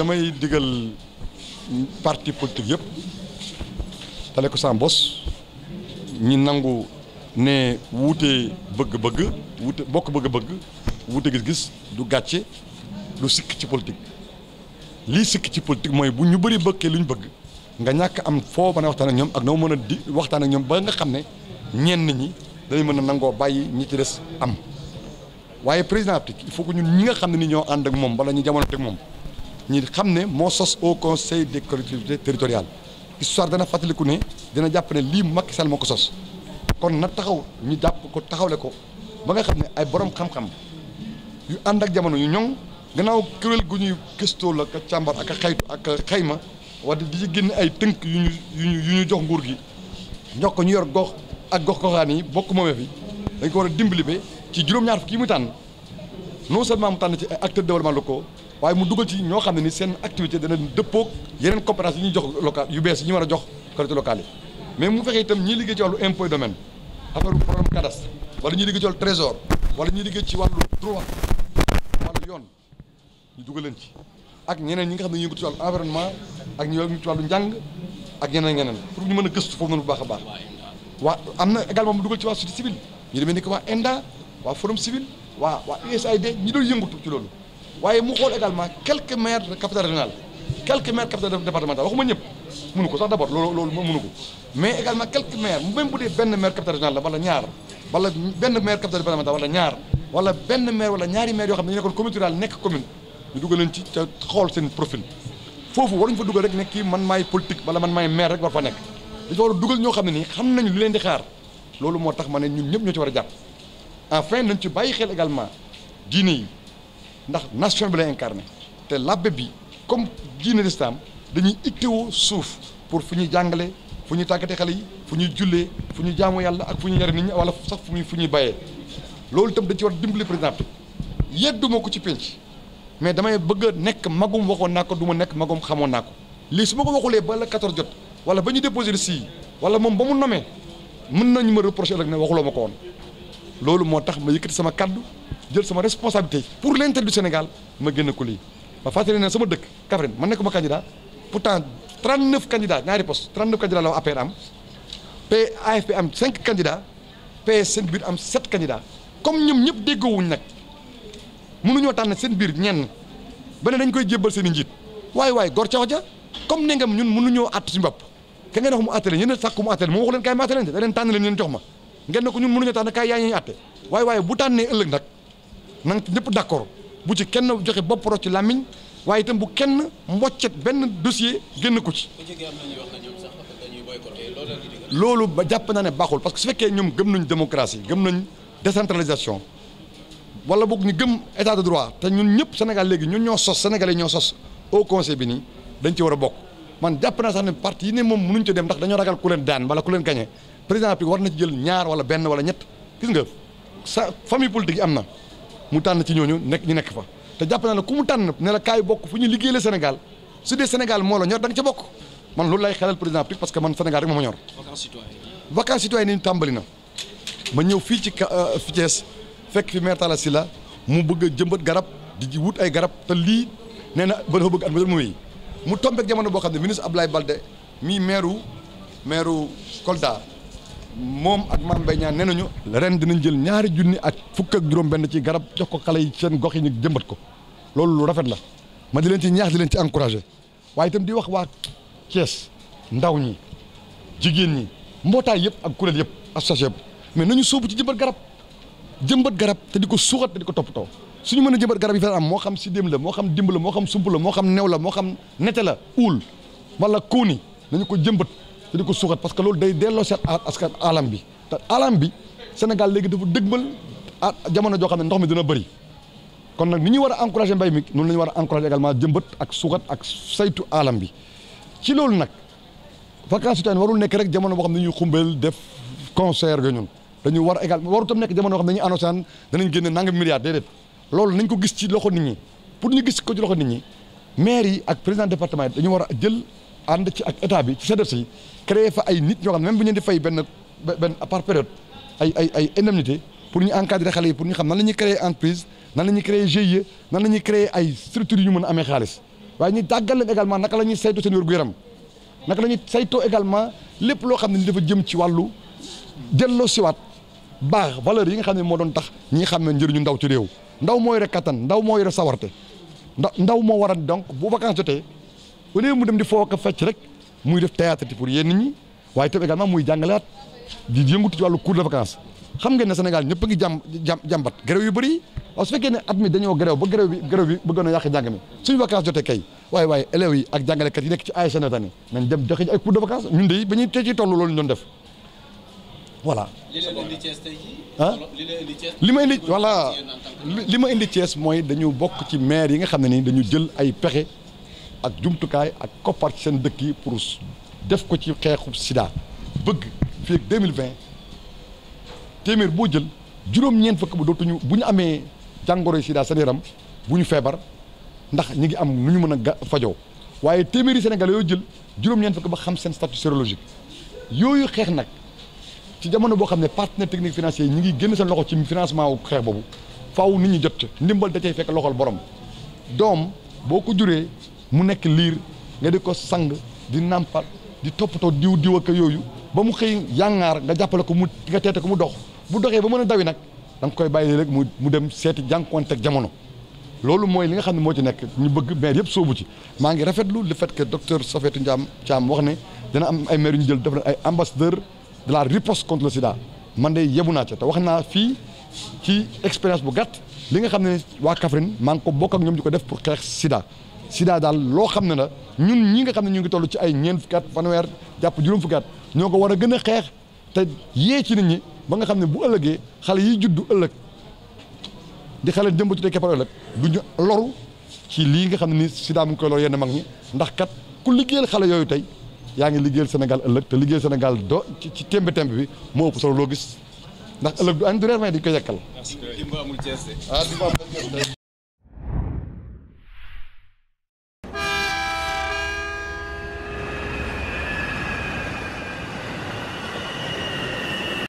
damay digal parti politique yëpp tale ko sans bos ñi nangu ne wuute bëgg-bëgg wuute bokk bëgg-bëgg wuute gis-gis du gàcce du sikk ci politique lii sikk ci politique mooy bu ñu bari bëkkee lu ñu bëgg nga ñàkk am foo mën a waxtaan ak ñoom ak noo mën a di waxtaan ak ñoom ba nga xam ne ñenn ñi dañu mën a nangoo bàyyi ñi ci des am waaye président Abdick il faut que ñun ñi nga xam ne ni ñoo ànd ak moom bala ñu jamono teg moom ñi xam ne moo sos au conseil des collectivités territoriales histoire dana fàttaliku ne dina jàpp ne lii Macky Sall moo ko sos kon na taxaw ñu jàpp ko taxawle ko ba nga xam ne ay borom xam-xam yu ànd ak jamono yu ñoŋ gannaaw kuréel gu ñuy këstoo la ak càmbar ak xaytu ak xayma wala di ci génn ay tënk yu ñu yu ñu yu ñu jox nguur gi jox ko ñu yor gox ak gox goxaan yi bokk moomee fi dañ ko war a dimbali ba ci juróom-ñaar fukki yi mu tànn non seulement mu tànn ci ay acteurs développement locaux waaye mu dugal ci ñoo xam ne ni seen activité dana dëppoog yeneen compétence yi ñuy jox local yu bees yi ñu war a jox collectivités locales yi mais mu fexe itam ñiy liggéey ci wàllu impôt domaine affaire problème cadastre wala ñuy liggéey ci wàllu trésor wala ñuy liggéey ci wàllu droit wàllu yoon ñu dugal leen ci ak ñeneen ñi nga xam ne ñu yëngu ci wàllu environnement ak ñu yëngu ci wàllu njàng ak ñeneen ñeneen pour ñu mën a gëstu foofu noonu bu baax a baax waa am na également mu dugal ci waa société civile ñu demee ni que waa ENDA waa forum civil waa waa USAID ñi doon yëngutu ci loolu waaye mu xool également quelques maires de capitale régionale quelques maires capitale départementale waxuma ñëpp mënu ko sax d' loolu loolu mënu ko mais également quelques maires même bu dee benn maire capitale régionale la wala ñaar wala benn maire capitale départementale wala ñaar wala benn maire wala ñaari maire yoo xam ne ñu nekkoon commune rurale nekk commune ñu dugal leen ci ca xool seen profil foofu waruñu fa dugal rek ne kii man maay politique wala man maay maire rek war fa nekk dañu fa war xam ne xam nañu lu di xaar loolu moo tax ma ne ñun ñëpp ñoo ci a jàpp enfin nañ ci bàyyi xel également diine yi ndax nation bi la incarné te làbbe bi comme diine lislaam dañuy ittewoo suuf pour fu ñuy jàngale fu ñuy tàggate xale yi fu ñuy jullee fu ñuy jaamu yàlla ak fu ñuy yare nit ñi wala sax fu ñuy fu ñuy bayee loolu itam dañ ci war dimbali par exemple yedduma ko ci pénc mais damay bëgg a nekk magum waxoon naa ko du ma nekk magum xamoon naa ko lii su ma ko waxulee ba la 14 jot wala ba ñu déposé le si wala moom ba mu nomee mën nañu ma reproché ëllëg ne waxuloo ma ko woon loolu moo tax ma yëkkati sama kaddu jël sama responsabilité pour l'intérêt du Sénégal ma génn ko lii ma fàttali ne sama dëkk Kaffrine ma nekkuma candidat pourtant 39 candidats ñaari poste 39 candidats la APR am P AFP am 5 candidats PS seen biir am 7 candidats comme ñoom ñëpp déggoowuñ nag mënuñoo tànn seen biir ñenn ba ne dañ koy jébbal seen i njiit waaye waaye gor ca ja comme ne ñun mënuñoo àtt suñu bopp ka ngeen wax mu àtte leen yéen a sàkku mu àtte tànn leen leen jox ma ne ko ñun mënuñoo tànn waaye bu tànnee ëllëg nag na nga ci ñëpp d'accord bu ci kenn joxe bopp roc ci làmmiñ waaye itam bu kenn mboccet benn dossier génn ko ci. loolu ba jàpp na ne baaxul parce que su fekkee ñoom gëm nañ démocratie gëm nañ décentralisation wala boog ñu gëm état de droit te ñun ñëpp senegal léegi ñun ñoo sos sénégalais ñoo sos au conseil bi nii dañ ci war a bokk man jàpp naa sax ne parti yi ne moom mënuñ ci dem ndax dañoo ragal ku leen daan wala ku leen gañe président bi war na jël ñaar wala benn wala ñett gis nga sa famille politique yi am na. mu tànn ci ñooñu nekk ñu nekk fa te jàpp na ne ku mu tànn ne la kaay bokk fu ñu liggéey la Sénégal su dee Sénégal moo la ñor da ca bokk man loolu lay xelal président Afrique parce que man Sénégal rek moo ma ñor vacances citoyennes yi tàmbali na ma ñëw fii ci euh, fi fekk fi maire si la mu bëgg a jëmbat garab di wut ay garab te lii nee na ba dafa bëgg at mu wéy mu tombeek jamono boo xam ne ministre Abdoulaye Balde mii maireu maireu Kolda moom ak Mame Mbaye Niang nee nañu ren dinañ jël ñaari junni ak fukk ak juróom-benn ci garab jox ko xale yi seen gox yi ñu jëmbat ko loolu lu rafet la ma di leen ci ñaax di leen ci encouragé waaye itam di wax waa Thiès ndaw ñi jigéen ñi mbootaay yëpp ak kuréel yëpp association yëpp mais nañu suubu ci jëmbat garab jëmbat garab te di ko suuxat te di ko toppatoo ñu mën a jëmbat garab yi fa am moo xam sidéem la moo xam dimb la moo xam sump la moo xam new la moo xam nete la uul wala kuuni nañu ko jëmbat te ko suuxat parce que loolu day delloo seet askan alam bi te alam bi Sénégal léegi dafa dëgmal jamono joo xam ne ndox mi dina bëri kon nag ni ñuy war a encouragé mbay mi noonu la war a encouragé également jëmbat ak suuxat ak saytu alam bi ci loolu nag vacances citoyennes warul nekk rek jamono boo xam ne ñuy xumbeel def concert ga ñun dañu war a également waru tam nekk jamono boo xam ne dañuy annoncé naan danañ génne nangam milliard déedéet loolu nañ ko gis ci loxo nit ñi pour ñu gis ko ci loxo nit ñi maire yi ak président département yi dañu war a jël ànd ci ak état bi ci CDC yi créé fa ay nit ñoo xam ne même bu ñu di fay benn benn par période ay ay ay pour ñu encadrer xale yi pour ñu xam na la ñuy créer entreprise nan la ñuy créer GIE nan la ñuy créer ay structures yu mën a amee xaalis waaye ñu tàggal leen également naka la ñuy saytoo seen wér-gu-yaram naka la ñuy saytoo également lépp loo xam ne dafa jëm ci wàllu delloo siwaat baax valeur yi nga xam ne moo doon tax ñi xam ne njëriñu ndaw ci réew ndaw moo yore kattan ndaw moo yore sawarte ndaw moo war a donc bu vacances jotee au lieu mu dem di foo ko fecc rek muy def théâtre pour yéen nit ñi waaye tam également muy jàngalaat di yëngutu ci wàllu cours de vacances xam ngeen ne Sénégal ñëpp a ngi jàm jàmbat grève yu bëri waaw su fekkee ne at mi dañoo grève ba grève bi grève bi bëggoon a yàq njàng mi suñu vacances jotee kay waaye waaye élèves yi ak jàngalekat yi nekk ci ASC Navétane nañ dem joxe ay cours de vacances ñun de ba ñuy tey ci toll loolu ñu doon def voilà. li leen indi li ma indi voilà mooy dañu bokk ci maire yi nga xam ne nii dañu jël ay pexe ak jumtukaay ak koppar ci seen dëkk yi pour def ko ci xeexu sida bëgg fii ak 2020 téeméer boo jël juróom ñeen fukk ba dootuñu bu ñu amee jàngoro sida seen yaram bu ñu feebar ndax ñu ngi am nu ñu mën a ga fajoo waaye téeméeri Sénégalais yoo jël juróom ñeen fukk ba xam seen statut sérologique yooyu xeex nag ci jamono boo xam ne partenaire technique financier yi ñu ngi génn seen loxo ci financement wu xeex boobu faaw nit ñi jot ca ndimbal da cay fekk loxol borom doom ko juree mu nekk liir nga di ko sang di nàmpal di toppatoo diw diw ak yooyu ba mu xëy yàngaar nga jàppale ko mu nga teete ko mu dox bu doxee ba mën a dawi nag da nga koy bàyyi rek mu mu dem seeti jànkuwante ak jamono loolu mooy li nga xam ne moo ci nekk ñu bëgg maire yëpp soobu ci maa ngi rafetlu le fait que docteur Safetou Ndiam Thiam wax ne dana am ay maire ñu jël def na ay ambassadeur de la riposte contre man de yebu naa ca te wax naa fii ci expérience bu gàtt li nga xam ne waa kafrin maa ngi ko bokk ak ñoom di ko def pour xeex sida sidaa daal loo xam ne na ñun ñi nga xam ne ñu ngi toll ci ay ñeent fukki at fanweer jàpp juróom fukki at ñoo ko war a gën a xeex te yee ci nit ñi ba nga xam ne bu ëllëgee xale yi juddu ëllëg di xale jëm ba tuddee keppar ëllëg du ñu loru ci lii nga xam ne ni sidaa mu ngi koy lor yenn mag ñi ndax kat ku liggéeyal xale yooyu tey yaa ngi liggéeyal senegal ëllëg te liggéeyal Sénégal do ci tembe tembe bi moo ëpp solo loo gis ndax ëllëg du añ du ko yekkal. ah dimba amul Cees de.